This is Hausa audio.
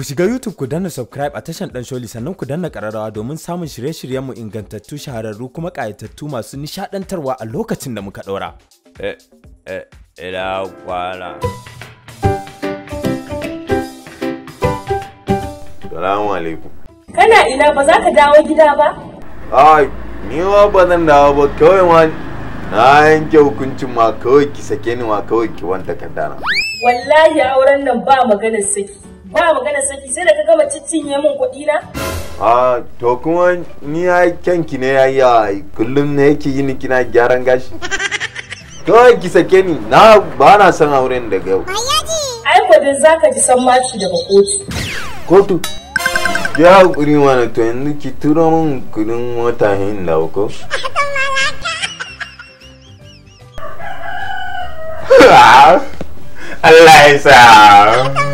Ku shiga YouTube ku danna subscribe a tashan Dan Sholi sannan ku danna ƙararrawa domin samun shirye-shiryenmu ingantattu shahararru kuma ƙayatattu masu nishaɗantarwa a lokacin da muka ɗora. Eh, eh, ina kwana. Salamu alaikum. Kana ina ba za ka dawo gida ba? Ai, ni ma ba zan dawo ba kawai ma na yanke hukuncin ma kawai ki sake ni ma kawai ki ka dana. Wallahi auren nan ba maganar saki. ba magana saki sai da ka gama ciccinye min kuɗi na a to kuma ni ya kyanki ne ya yi a kullum ne yake yi kina gyaran gashi to ki sake ni na ba na son auren daga yau ai gwajin ka ji san mashi daga kotu kotu ya hakuri mana to yanzu ki turo min kudin mota hin da ko Allah ya sa